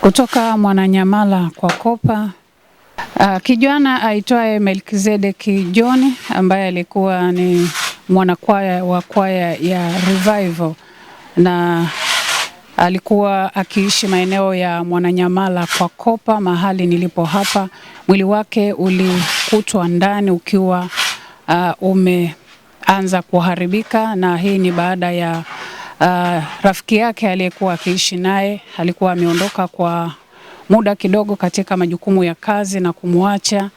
Kutoka Mwananyamala kwa Kopa. Uh, kijana aitwaye Melkizedeki John ambaye alikuwa ni mwanakwaya wa kwaya ya Revival na alikuwa akiishi maeneo ya Mwananyamala kwa Kopa, mahali nilipo hapa. Mwili wake ulikutwa ndani ukiwa uh, umeanza kuharibika, na hii ni baada ya Uh, rafiki yake aliyekuwa akiishi naye alikuwa ameondoka kwa muda kidogo katika majukumu ya kazi na kumwacha,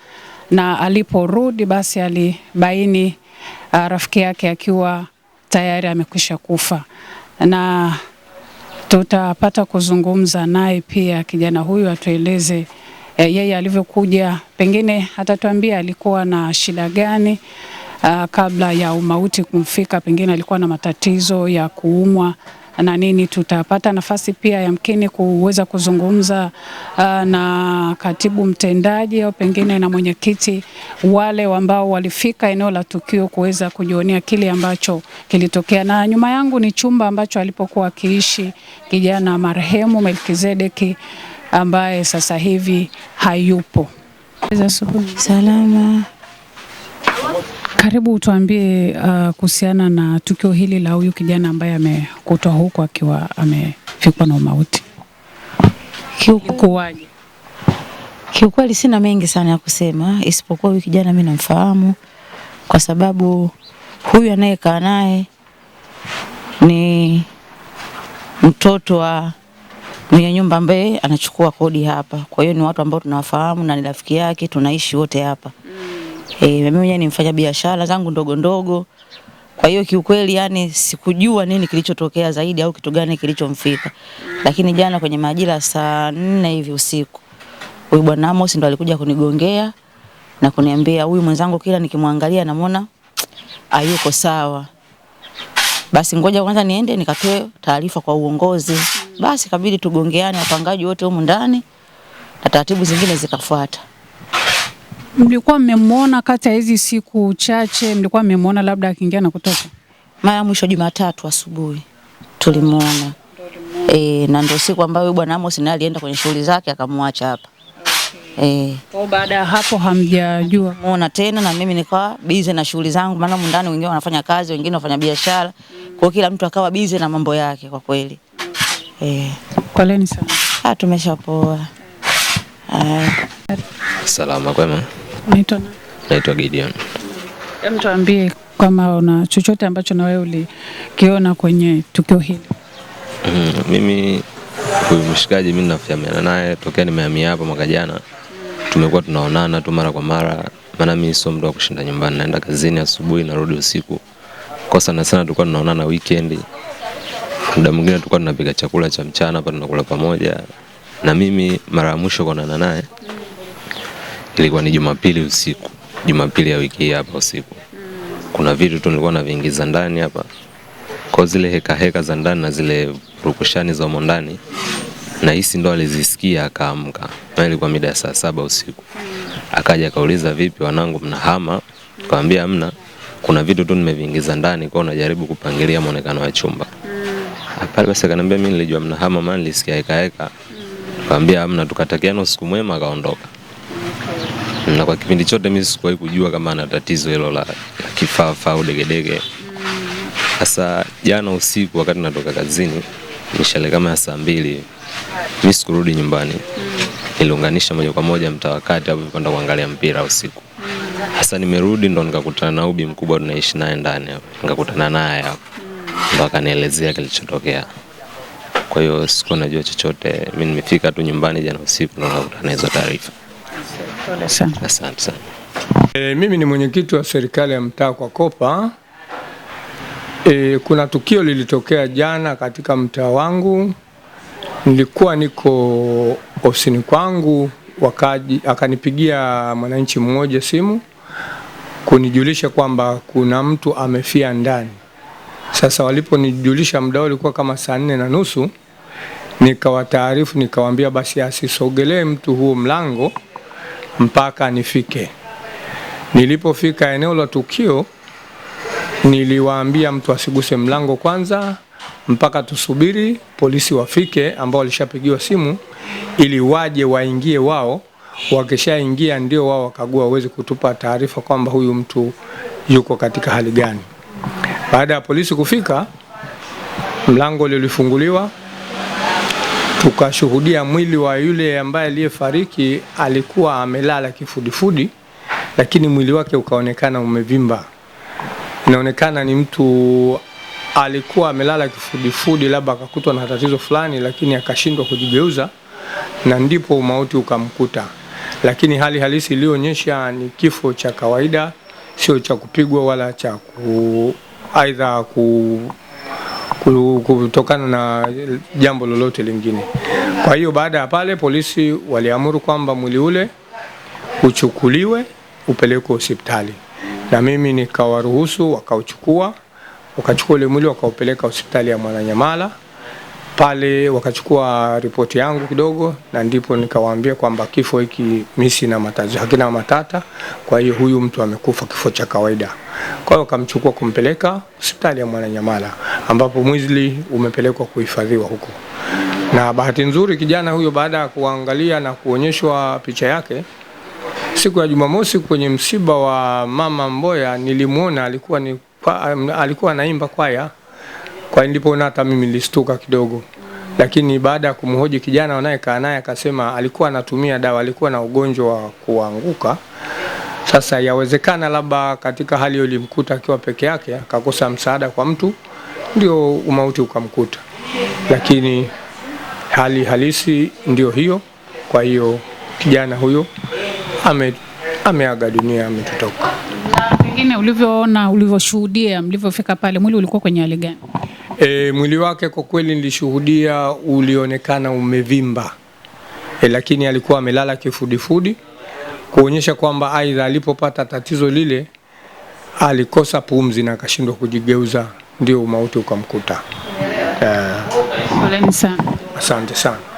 na aliporudi basi alibaini uh, rafiki yake akiwa tayari amekwisha kufa, na tutapata kuzungumza naye pia. Kijana huyu atueleze uh, yeye alivyokuja, pengine atatuambia alikuwa na shida gani uh, kabla ya umauti kumfika, pengine alikuwa na matatizo ya kuumwa na nini. Tutapata nafasi pia yamkini kuweza kuzungumza uh, na katibu mtendaji au pengine na mwenyekiti, wale ambao walifika eneo la tukio kuweza kujionea kile ambacho kilitokea. Na nyuma yangu ni chumba ambacho alipokuwa akiishi kijana marehemu Melkizedeki ambaye sasa hivi hayupo. Salama. Karibu utuambie uh, kuhusiana na tukio hili la huyu kijana ambaye amekutwa huko akiwa amefikwa na umauti. Kiukuaje? Kiukweli sina mengi sana ya kusema, isipokuwa huyu kijana mimi namfahamu kwa sababu huyu anayekaa naye ni mtoto wa mwenye nyumba ambaye anachukua kodi hapa. Kwa hiyo ni watu ambao tunawafahamu na ni rafiki yake, tunaishi wote hapa. E, mimi mwenyewe ni mfanya biashara zangu ndogo ndogo. Kwa hiyo kiukweli, yani sikujua nini kilichotokea zaidi au kitu gani kilichomfika, lakini jana kwenye majira saa nne hivi usiku huyu bwana Amos ndo alikuja kunigongea na kuniambia huyu mwenzangu kila nikimwangalia namuona hayuko sawa, basi ngoja kwanza niende nikatoe taarifa kwa uongozi. Basi kabidi tugongeane wapangaji wote humu ndani na taratibu zingine zikafuata. Mlikuwa mmemwona kati ya hizi siku chache, mlikuwa mmemwona labda akiingia na kutoka? Mara mwisho Jumatatu asubuhi tulimwona e, na ndio siku ambayo bwana Amos naye alienda kwenye shughuli zake akamwacha hapa. Eh. Kwa baada ya hapo hamjajua muona tena, na mimi nikawa bize na shughuli zangu, maana mundani wengine wanafanya kazi, wengine wanafanya biashara, kwa kila mtu akawa bize na mambo yake. Kwa kweli eh, poleni sana. Ah, tumeshapoa. salama kwema. Naitwa Naitwa Gideon. Hebu tuambie kama una chochote ambacho na wewe ulikiona kwenye tukio hili. Mm, mimi huyu mshikaji mimi nafahamiana naye tokea nimehamia hapa mwaka jana, tumekuwa tunaonana tu mara kwa mara, maana mimi sio mtu wa kushinda nyumbani, naenda kazini asubuhi narudi usiku. Kwa sana sana tulikuwa tunaonana weekend, muda mwingine tulikuwa tunapika chakula cha mchana hapa tunakula pamoja, na mimi mara ya mwisho kuonana naye mm ilikuwa ni Jumapili usiku, Jumapili ya wiki hii hapa usiku. Kuna vitu tu nilikuwa naviingiza ndani hapa, kwa zile heka heka za ndani na zile rukushani za mondani, na hisi ndo alizisikia akaamka, na ilikuwa mida ya saa saba usiku. Akaja akauliza, vipi wanangu, mnahama? Kaambia hamna, kuna vitu tu nimeviingiza ndani, kwa unajaribu kupangilia muonekano wa chumba pale. Basi akaniambia mimi nilijua mnahama, maana nilisikia heka heka. Nikamwambia hamna, tukatakiana usiku mwema, akaondoka na kwa kipindi chote mimi sikuwahi kujua kama ana tatizo hilo la, la kifafa au degedege. Sasa jana usiku wakati natoka kazini mishale kama ya saa mbili mimi sikurudi nyumbani, niliunganisha moja kwa moja mtaa wa kati hapo kwenda kuangalia mpira usiku. Sasa nimerudi ndo nikakutana na ubi mkubwa tunaishi naye ndani nikakutana naye hapo ndo akanielezea kilichotokea. Kwa hiyo sikuwa najua chochote, mimi nimefika tu nyumbani jana usiku ndo nikakutana hizo taarifa. Pole sana. Asante sana. E, mimi ni mwenyekiti wa serikali ya mtaa kwa Kopa. E, kuna tukio lilitokea jana katika mtaa wangu. Nilikuwa niko ofisini kwangu, wakaji akanipigia mwananchi mmoja simu kunijulisha kwamba kuna mtu amefia ndani. Sasa waliponijulisha muda ulikuwa kama saa nne na nusu, nikawataarifu, nikawaambia basi asisogelee mtu huo mlango mpaka nifike. Nilipofika eneo la tukio, niliwaambia mtu asiguse mlango kwanza mpaka tusubiri polisi wafike, ambao walishapigiwa simu ili waje waingie wao. Wakishaingia ndio wao wakagua wawezi kutupa taarifa kwamba huyu mtu yuko katika hali gani. Baada ya polisi kufika, mlango ulifunguliwa tukashuhudia mwili wa yule ambaye aliyefariki alikuwa amelala kifudifudi, lakini mwili wake ukaonekana umevimba. Inaonekana ni mtu alikuwa amelala kifudifudi, labda akakutwa na tatizo fulani, lakini akashindwa kujigeuza na ndipo mauti ukamkuta. Lakini hali halisi iliyoonyesha ni kifo cha kawaida, sio cha kupigwa wala cha ku aidha ku kutokana na jambo lolote lingine. Kwa hiyo baada ya pale, polisi waliamuru kwamba mwili ule uchukuliwe upelekwe hospitali, na mimi nikawaruhusu wakauchukua, wakachukua ule mwili wakaupeleka hospitali ya Mwananyamala. Pale wakachukua ripoti yangu kidogo, na ndipo nikawaambia kwamba kifo hiki misi na matatizo, hakina matata. Kwa hiyo huyu mtu amekufa kifo cha kawaida. Kwa hiyo wakamchukua kumpeleka hospitali ya Mwananyamala ambapo mwili umepelekwa kuhifadhiwa huko. Na bahati nzuri kijana huyo baada ya kuangalia na kuonyeshwa picha yake siku ya Jumamosi kwenye msiba wa mama Mboya, nilimwona alikuwa ni kwa, alikuwa anaimba kwaya kwa, nilipoona hata mimi nilistuka kidogo, lakini baada ya kumhoji kijana wanayekaa naye akasema alikuwa anatumia dawa, alikuwa na ugonjwa wa kuanguka. Sasa yawezekana labda katika hali hiyo ilimkuta akiwa peke yake, akakosa msaada kwa mtu ndio umauti ukamkuta, lakini hali halisi ndio hiyo. Kwa hiyo kijana huyo ame ameaga dunia, ametutoka. Pengine ulivyoona, ulivyoshuhudia, mlivyofika pale, mwili ulikuwa kwenye hali gani? E, mwili wake kwa kweli nilishuhudia, ulionekana umevimba e, lakini alikuwa amelala kifudifudi kuonyesha kwamba aidha alipopata tatizo lile alikosa pumzi na akashindwa kujigeuza ndio umauti ukamkuta. Eh. Poleni sana. Asante sana.